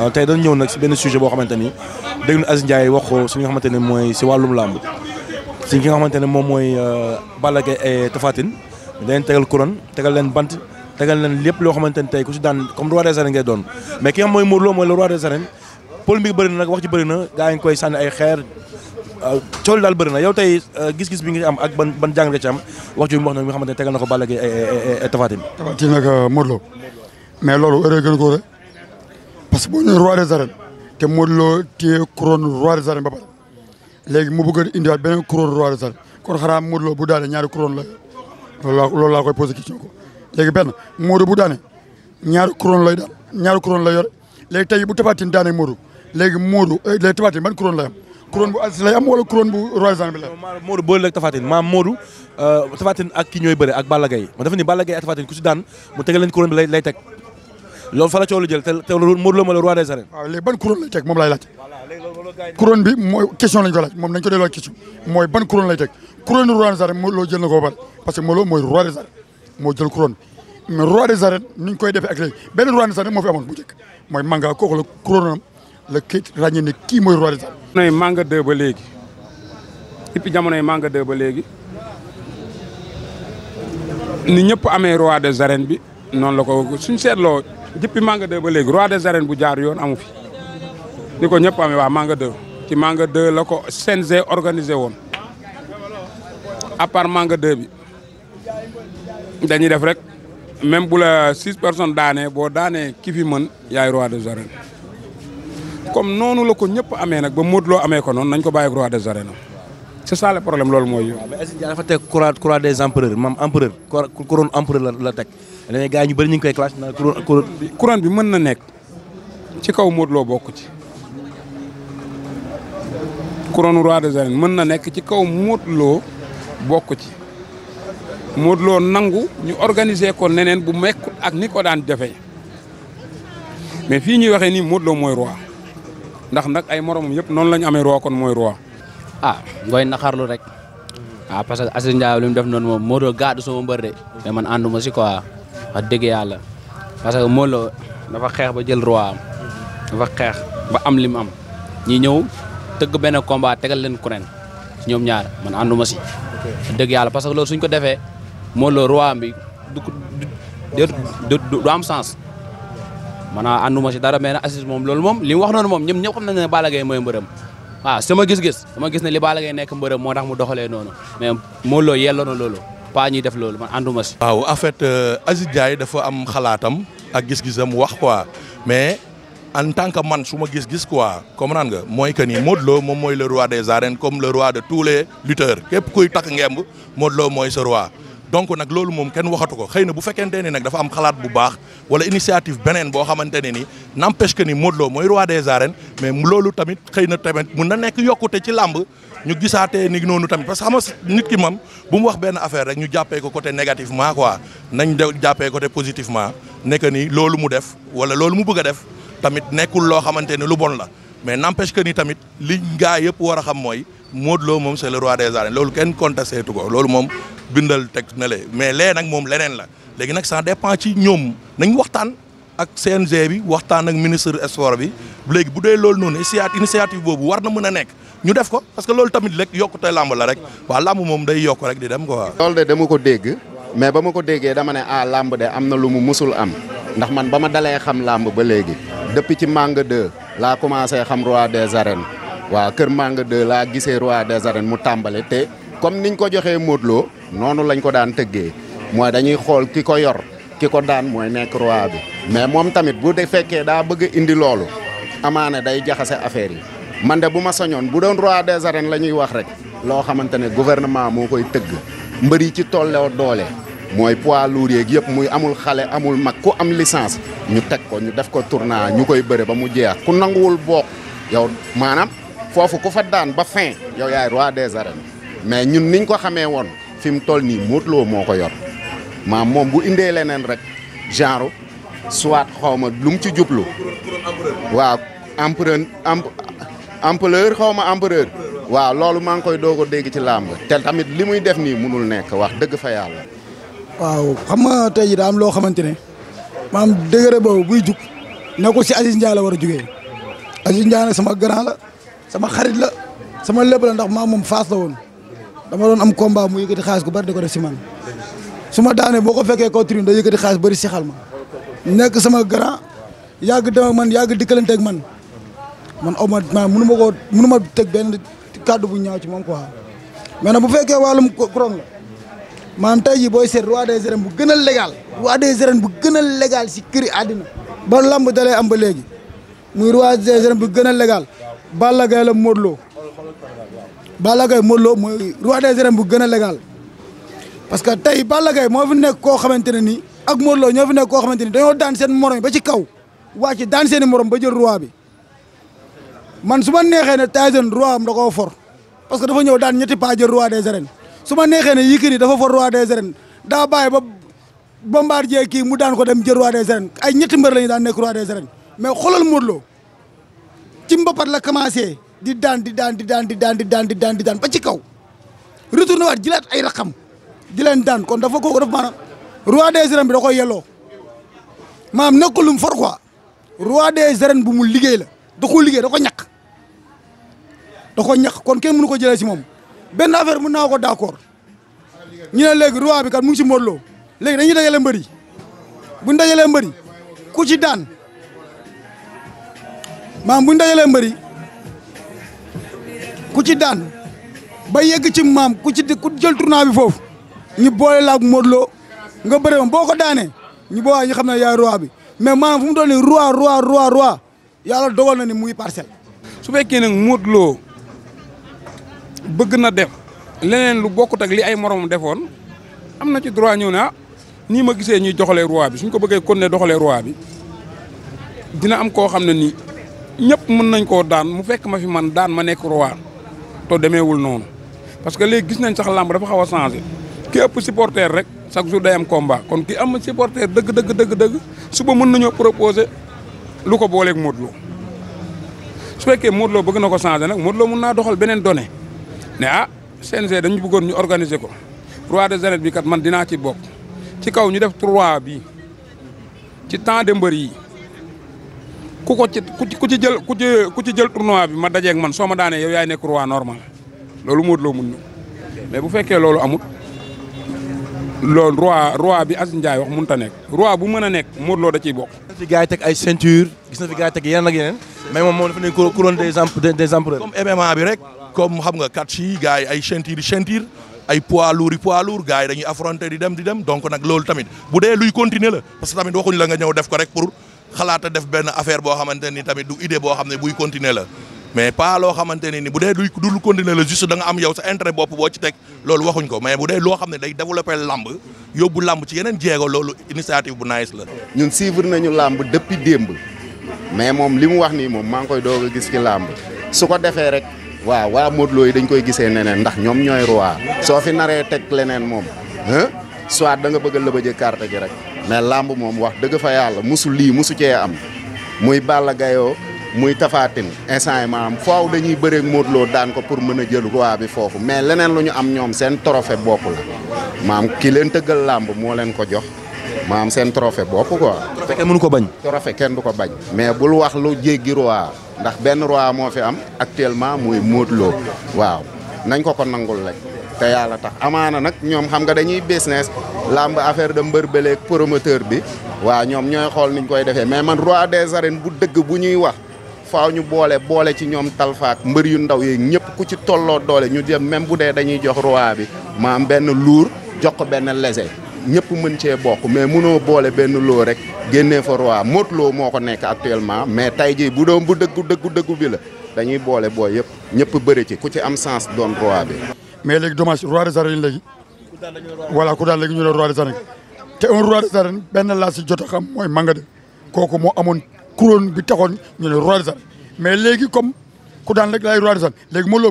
Euh, tey dañu ñëw nag si benn sujet boo xamante ni dégg na Aziz Ndiaye wax ko si nga xamante ne mooy si wàllum làmb si nga xamante ne moom mooy euh, Balla Gaye et Tapha Tine dañ tegal tegal leen bant tegal leen lépp loo xamante ne tey ku si daan comme roi ngay doon mais ki nga xam mooy Modou Lo mooy le roi des arènes na nag wax ci bëri na gaa ngi koy sànni ay xeer euh, cool daal bëri na yow tey gis bi nga am ak ban ban jàng nga ci am wax ju mu wax na nga xamante ne tegal na ko Balla Gaye et Tapha Tine Tapha Tine nag Modou mais loolu gën ko parce que boo ñëwee roi des arènes te Modou Lo téye roi des arènes ba pare léegi mu bëgg a indiwaat beneen couronne roi des arènes kon xanaa Modou Lo bu daane ñaari couronne la loolu laa loolu koy posé question ko léegi benn Modou bu daane ñaari couronne lay daan ñaari couronne lay yore léegi tey bu Tapha Tine daane Modou léegi Modou eh, léegi Tapha Tine ban couronne lay am bu Aziz lay am wala couronne bu roi des arènes bi lay am. Modou boole ak Tapha Tine maam Modou euh, Tapha Tine ak ki ñooy ku si daan mu tegal leen couronne bi lay lay teg loolu fa la coow lu jël te te Modou Lo ma le roi des arènes. waaw léegi ban couronne lay teg moom laay laaj. couronne bi mooy question lañ ko laaj moom nañ parce que Modou Lo moo jël couronne bi mais roi des ni ñu koy defee ak léegi benn roi des arènes moo fi amoon bu njëkk mooy Manga kooku la couronne am la kii ràññee ne kii mooy roi des arènes. jamonoy Manga 2 ba léegi jamonoy Manga 2 ba léegi ni ñëpp amee roi des bi noonu la ko suñ seetloo. depuis Manga 2 ba léegi roi des arènes bu jaar yoon amu fi ni ko ñëpp amee waa Manga 2 ci Manga 2 la ko CNG organisé woon à part Manga 2 bi dañuy def rek même bu la six personnes daanee boo daanee ki fi mën yaay roi des arènes comme noonu la ko ñëpp amee nag ba Modou Lo amee ko noonu nañ ko bàyyi ak roi des arènes c' est ça le problème loolu mooy. waaw mais est-ce que dafa teg croix croix la teg. léegi gars yi ñu bëri ñu ngi koy clash naan couronne couronne bi mën na nekk ci kaw Modou Lo bokk ci couronne roi des mën na nekk ci kaw Modou Lo bokk ci Modou Lo nangu ñu organiser ko neneen bu mekkut ak ni ko daan defee mais fii ñuy waxee nii Modou Lo mooy roi ndax nag ay moromam yëpp noonu lañu ñu amee roi kon mooy roi. ah ngoy naxarlu rek. ah parce que Aziz Ndiaye li mu def noonu moom Modou Lo gaa du sama mbër de. man ànduma si quoi. wax dëgg yàlla parce que Modou dafa xeex ba jël roi am dafa xeex ba am lim am ñi ñëw tëgg benn combat tegal leen kuréen si ñoom ñaar man ànduma si dëgg yàlla parce que loolu suñ ko defee Modou Lo roi am bi du du am sens maanaam ànduma si dara mais nag Aziz moom loolu moom li mu wax noonu moom ñëpp ñëpp xam nañ ne Balla Gaye mooy mbërëm waaw sama gis-gis sama gis ne li Balla Gaye nekk mbërëm moo tax mu doxalee noonu mais Modou Lo yelloo pas ñuy def loolu man ànduma si. waaw en fait euh, Aziz Ndiaye dafa am xalaatam ak gis-gisam wax quoi mais en tant que man su ma gis-gis quoi comprendre nga mooy que ni Modou Lo moom mooy le roi des arènes comme le roi de tous les lutteurs képp kuy takk ngemb Modou Lo mooy sa roi. donc nag loolu moom kenn waxatu ko xëy na bu fekkente ni nag dafa am xalaat bu baax wala initiative beneen boo xamante ne ni n'empêche que ni Modou mooy roi des arènes mais loolu tamit xëy na tamit mun na nekk yokkute ci làmb ñu gisaatee ni noonu tamit parce que xam nga nit ki mam bu mu wax benn affaire rek ñu jàppee ko côté négativement quoi nañ de jàppee côté positivement nekk ni loolu mu def wala loolu mu bëgg a def tamit nekkul loo xamante ne lu bon la mais n'empêche que ni tamit liñ gaa yëpp war a xam mooy Modou Lo moom c'est des arènes loolu kenn contesté tu ko loolu bindal teg na le mais lee nag moom leneen la léegi nag ça dépend ci ñoom nañ waxtaan ak CNG bi waxtaan ak ministre sport bi léegi bu dee loolu noonu initiative boobu war na mën a nekk ñu def ko parce que loolu tamit rek yokkute làmb la rek waa làmb moom day yokk rek di dem ko quoi. loolu de dama ko dégg mais ba ma ko déggee dama ne ah làmb de am na lu mu musul am ndax man ba ma dalee xam làmb ba léegi depuis ci Manga 2 laa commencé xam roi des arènes waaw kër Manga 2 laa gisee roi des arènes mu tàmbale te. comme niñ ko joxee Modou Lo noonu lañ ko daan tëggee mooy dañuy xool ki ko yor ki ko daan mooy nekk roi bi mais moom tamit bu de fekkee daa bëgg indi loolu amaane day jaxase affaire yi man de bu ma soñoon bu doon roi des arènes la ñuy wax rek loo xamante ne gouvernement moo koy tëgg mbër yi ci tolloo doole mooy poids lourd yeeg yëpp muy amul xale amul mag ku am licence ñu teg ko ñu def ko tournoi ñu koy bëre ba mu jeex ku nanguwul bokk yow maanaam foofu ku daan ba fin yow yaay roi des arènes mais ñun niñ ko xamee woon fi mu toll nii Modou moo ko yor maam moom bu indee leneen rek genre soit xaw ma lu ci jublu waaw empereur empereur xaw ma empereur waaw loolu maa ngi koy doo ko dégg ci làmb te tamit li muy def nii munul nekk wax dëgg fa yàlla. waaw xam nga tey jii daa loo xamante ne maam dëgëre boobu buy jug na ko si Aziz Ndiaye la war a jugee Aziz Ndiaye sama grand sama xarit la sama lépp la ndax maam moom faas woon. dama doon am combat mu yëkkati xaalis gu bari di ko def si man su ma daanee boo ko fekkee kaw tribune da yëkkati xaalis bari si xal ma nekk sama grand yàgg dem ak man yàgg dikkalante ak man man aw ma maanaam mënu koo mënu ma teg benn kàddu bu ñaaw ci moom quoi mais nag bu fekkee wàllum krong la maanaam tey jii booy seet roi des arènes bu gën a légal roi des arènes bu gën a légal si këri àddina ba lamb dalee am ba léegi muy roi des bu gën a légal Balla Gaye la Modou Balla Gaye Modou Lo mooy roi des arènes gën a légal parce que tey Balla Gaye moo fi nekk koo xamante ne nii ak Modou Lo ñoo fi nekk koo xamante ni dañoo daan seen morom ba ci kaw wàcc daan seen morom ba jël roi bi man su ma neexee ne Tyson roi am da koo for parce que dafa ñëw daan ñetti pas jël des arènes su ma neexee ne Yékini dafa for roi des arènes daa bàyyi ba Bombardier kii mu daan ko dem jël roi des arènes ay ñetti mbër la ñu daan nekk roi des arènes mais xoolal Modou Lo ci mbapat la commencé. di daan di daan di daan di daan di daan di daan di daan ba ci kaw retourné waat jilaat ay raxam di leen daan kon dafa kooku dafa maanaam roi des bi da koy yelloo maanaam nekkul lu mu for quoi roi des bu mu liggéey la da ko liggéey da ko ñàkk da ko ñàkk kon kenn mënu ko jëlee si moom benn affaire mun naa ko d'accord ñu ne léegi roi bi kat mu ngi si Modou Lo léegi dañuy dajale mbër yi bu ñu dajalee mbër yi ku ci daan maanaam bu ñu dajalee mbër ku ci daan ba yegg ci maam ku ci ku jël tournoi bi foofu ñu boole laag Modou nga bëre boo ko daanee ñu boobaa ñu xam na yaay roi bi mais maanaam fu mu doon nii roi roi roi roi yàlla dogal na ni muy parcelle. su fekkee nag Modou bëgg na def leneen lu bokkut ak li ay moromam defoon am na ci droit ñëw ne ah, nii ma gisee ñuy joxalee roi bi suñ ko bëggee kon ne doxalee roi bi dina am koo xam ne nii ñëpp mën nañ koo daan mu fekk ma fi man daan ma nekk te demeewul noonu parce que léegi gis nañ sax làmb dafa xaw a changé ki ëpp supporter rek chaque jour day am combat kon ki am supporter dëgg dëgg dëgg dëgg suba mën nañoo proposer lu ko booleek Modou su fekkee Modou bëgg na ko changé nag Modou Lo mun naa doxal beneen done ne ah CNG dañu buggoon ñu organiser ko trois de arènes bi kat man dinaa ci bokk ci kaw ñu def trois bi ci temps de mbër yi. ku ko ci ku ci jël ku ku ci jël tournoi bi ma dajeek man soo ma daanee yow yaay nekk roi normal loolu Modou loo mun na mais bu fekkee loolu amut loolu roi roi bi Aziz Ndiaye wax mënut a nekk roi bu mën a nekk Modou Lo da ciy bokk. gis ay ceinture gis na fi gars yi teg yeneen ak yeneen. mais moom moom bi rek comme xam nga catch yi gars yi ay ceinture ceinture ay poids lourd poids lourd gars yi di dem di dem donc nag loolu tamit bu dee luy continuer la parce que tamit waxuñ la nga ñëw def ko rek pour. xalaata def benn affaire boo xamante ni tamit du idée boo xam ne buy continuer la mais pas loo xamante ne ni bu dee du du continuer la juste da am yow sa intérêt bopp boo ci teg loolu waxuñ ko mais bu dee loo xam ne day développer làmb yóbbu làmb ci yeneen jéego loolu initiative bu nice la. ñun suivre nañu làmb depuis démb mais moom li mu wax nii moom maa ngi koy doog a gis ci làmb su ko defee rek waaw waa Modou Lo yi dañ koy gisee neneen ndax ñoom ñooy roi soo fi naree teg leneen moom ah soit da nga bëgg a lëbëjee carte gi rek. mais làmb moom wax dëgg fa yàlla musu lii musu cee am muy Balla Gaye muy tafaatin Tine instant yi maanaam faaw dañuy bëreeg Modou Lo daan ko pour mën a jël roi bi foofu mais leneen lu ñu am ñoom seen trophée bopp maa maam ki leen tëggal làmb moo leen ko jox am seen trophée booku quoi. trophée ko bañ. trophée kenn du ko bañ. mais bul wax lu jéggi roi ndax benn roi moo fi am actuellement muy Modou Lo waaw nañ ko ko nangul rek. te yàlla tax amaana nag ñoom xam nga dañuy business làmb affaire de mbër bëleeg promoteur bi waa ñoom ñooy xool niñ koy defee mais man roi des arènes bu dëgg bu ñuy wax faaw ñu boole boole ci ñoom talfaak mbër yu ndaw yi ñëpp ku ci tolloo doole ñu dem même bu dee dañuy jox roi bi maam benn luur jox ko benn lese ñëpp mën cee bokk mais munoo boole benn loo rek génnee fa roi Modou Lo moo ko nekk actuellement mais tey jii bu doom bu dëggu dëggu dëggu bi la dañuy boole booy yëpp ñëpp bëri ci ku ci am sens doon roi bi mais léegi dommage roi des arènes léegi voilà ku daal léegi ñu ne roi des arènes te un roi des arènes benn laa jot a xam mooy Manga de kooku moo amoon couronne bi taxoon ñu ne roi des arènes mais léegi comme ku daan rek laay roi des arènes léegi Modou Lô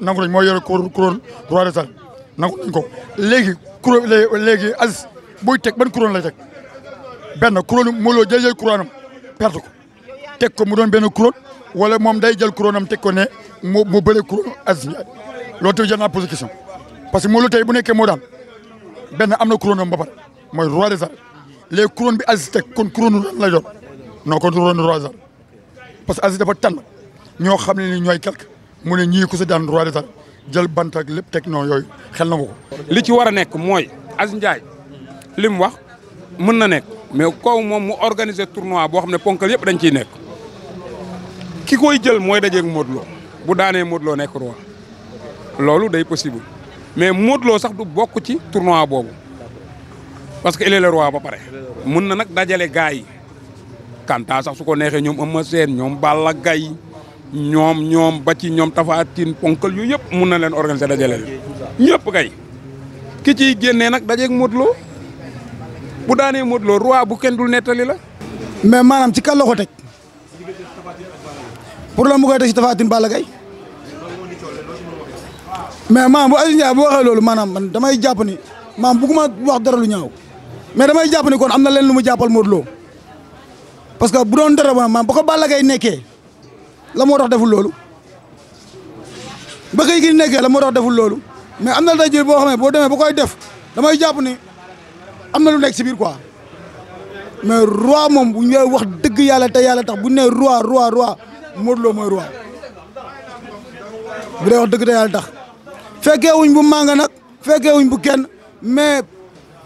nangu nañ moo yore couronne roi des arènes nangu nañ ko léegi couronne léegi Aziz buy teg ban couronne lay teg benn couronne Modou Lô jël jël couronne am ko teg ko mu doon benn couronne wala moom day jël couronne am teg ko ne mu mu bëre couronne loolu tamit jar naa question parce que Modou Lo tey bu nekkee moo daan benn am na couronne am mooy roi des arènes léegi couronne bi Aziz teg kon couronne lan lay doon non kon roi des arènes parce que Aziz dafa tànn ñoo xam ne ni ñooy quelque mu ne ñii ku si daan roi des arènes jël bant ak lépp teg non yooyu xel na ma ko. li ci war a nekk mooy Aziz Ndiaye li mu wax mën na nekk mais kaw moom mu organiser tournoi boo xam ne ponkal yëpp dañ ciy nekk ki koy jël mooy dajee Modou Lo bu daanee Modou Lo nekk loolu day possible mais Modou Lo sax du bokk ci tournoi boobu parce que il roi ba pare. mun na nag dajale gars yi. Kanta sax su ko neexee ñoom Eumeu Sène ñoom Balla Gaye ñoom ñoom ba ci ñoom Tapha Tine ponkal yu yëpp mun na leen organiser dajale leen ñëpp kay. ki ciy génnee nag dajeeg Modou Lo bu daanee Modou Lo roi bu kenn dul nettali la. mais maanaam ci kan la ko teg pour la mu koy teg ci Tapha Tine Balla Gaye mais maam bu Aziz Ndiaye bu waxee loolu maanaam man damay jàpp ni maam bëgguma wax dara lu ñaaw mais damay jàpp kon am na leen lu mu jàppal Modou loo parce que bu doon dara maam ba ko Balla Gaye nekkee la moo tax deful loolu ba kay gi nekkee la moo tax deful loolu mais am na la jël boo xam ne boo demee ba koy def damay jàpp ni am na lu nekk si biir quoi mais roi moom bu ñu wax dëgg yàlla te yàlla tax bu ñu nee roi roi roi Modou Lo roi bu dee wax dëgg te yàlla fekkee wuñ bu manga nag fekkee wuñ bu kenn mais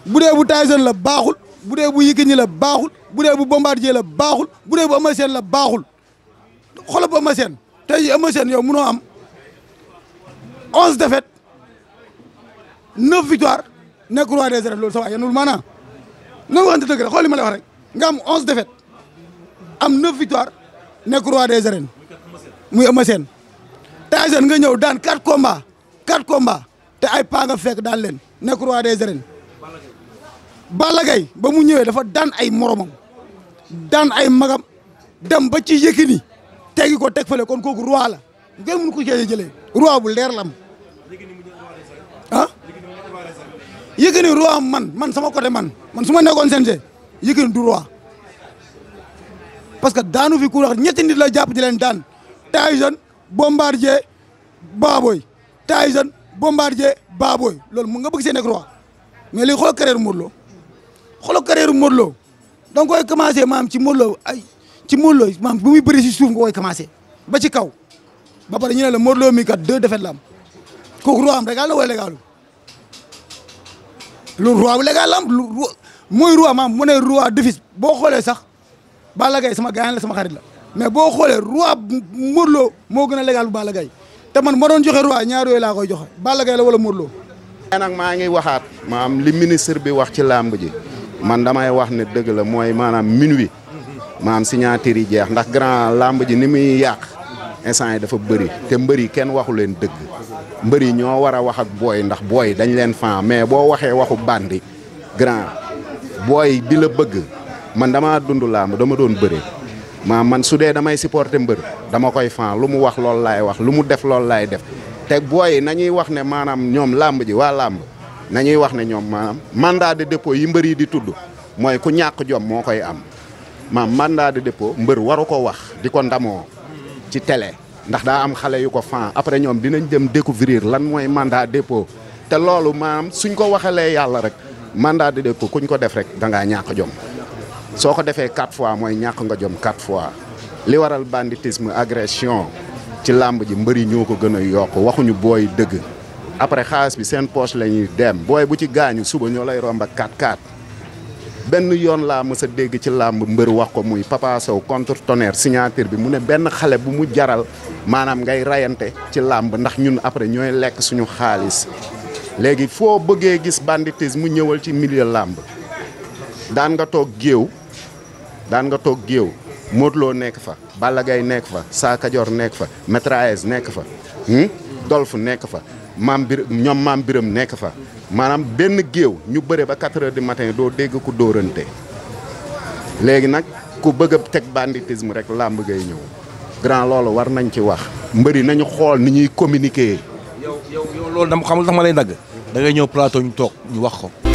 bu dee bu Tyson la baaxul bu dee bu Yékini la baaxul bu dee bu Bombardier la baaxul bu dee bu Eumeu Sène la baaxul xoolal bu Eumeu Sène tey jii Eumeu Sène yow mënoo am onze défaites neuf victoire nekk roi des arènes loolu sa waay yanul maanaam na nga rek xool ma lay wax rek nga am onze défaites am neuf victoire nekk roi des arènes muy Eumeu Sène Tyson nga ñëw daan quatre combats quatre komba te ay paa nga fekk daan leen nekk roi des arènes Balla Gaye ba mu ñëwee dafa daan ay moromam daan ay magam dem ba ci Yékini tegi ko teg fële kon kooku roi la ngeen mun ko cee jëlee roi bu leer la am ah Yékini man man sama côté man man su ma nekkoon CNG Yékini du roi parce que daanu fi ku wax la jàpp di leen daan Tyson Bombardier Baboy Tyson Bombardier Baboy loolu mu nga bëgg see nekk roi mais léegi xoolal carrière Modou Lo xoolal carrière Modou Lo da nga maam ci Modou ay ci Modou Lo maam bu muy bëri si suuf nga koy commencé ba ci kaw ba pare ñu la Modou Lo mi kat deux défaites la am kooku roi am légal la wala légalu loolu roi maam mu ne roi d'office boo xoolee sax Balla sama gaañ la sama xarit la mais boo xoolee roi Modou Lo moo gën a légal bu te man ma doon joxe roi ñaar yooyu laa koy joxe Balla Gaye la wala Modou Lo. maa ngi waxaat maam li ministre bi wax ci làmb ji man damay wax ne dëgg la mooy maanaam minwi maam si yi jeex ndax grand làmb ji ni muy yàq instant yi dafa bëri te mbër yi kenn waxu leen dëgg mbër yi ñoo war a wax ak booy ndax booy dañ leen fan mais boo waxee waxu bandi grand booy di la bëgg man dama dund làmb dama doon bëri. ma man sude damay supporter mbeur dama koy fan lu mu wax lol lay wax lu def lol lay def te boy nañuy wax ne manam ñom lamb ji wa lamb nañuy wax ne ñom manam mandat de dépôt yi mbeur yi di tuddu moy ku ñàkk jom mo koy am maam mandat de dépôt mbeur waru ko wax di ndamo ci télé ndax da am xalé yu ko fan après ñom dinañ dem découvrir lan moy mandat dépôt te lolou manam suñ ko waxalee yalla rek mandat de dépôt kuñ ko def rek da nga ñàkk jom so ko defee quatre fois mooy ñàkk nga jom quatre fois li waral banditisme agression ci làmb ji mbëri ñoo ko gën a yokk waxuñu booy dëgg après xaalis bi seen poche la dem boy bu ci gaañu suba ñoo lay romb ak 4-4 benn yoon laa mës dégg ci làmb mbër wax ko muy Papa Sow contre tonnerre signature bi mune ne benn xale bu mu jaral maanaam ngay rayante ci làmb ndax ñun après ñooy lekk suñu xaalis léegi foo gis banditisme mu ci milieu làmb daan nga daan nga toog géew Modou Lo nekk fa Balla Gaye nekk fa Sa Kajoor nekk fa Matraez nekk fa hmm? Dolf nekk fa maam ñoom maam biram nekk fa maanaam benn géew ñu bëre ba 4 heures du doo dégg ku dóorante léegi nag ku bëgg a teg banditisme rek làmb ngay ñëw grand loolu war nañ ci wax mbëri nañu xool ni ñuy communiquer. yow yow yow loolu dama xamul tax ma lay dagg. da ngay ñëw plateau ñu toog ñu wax ko.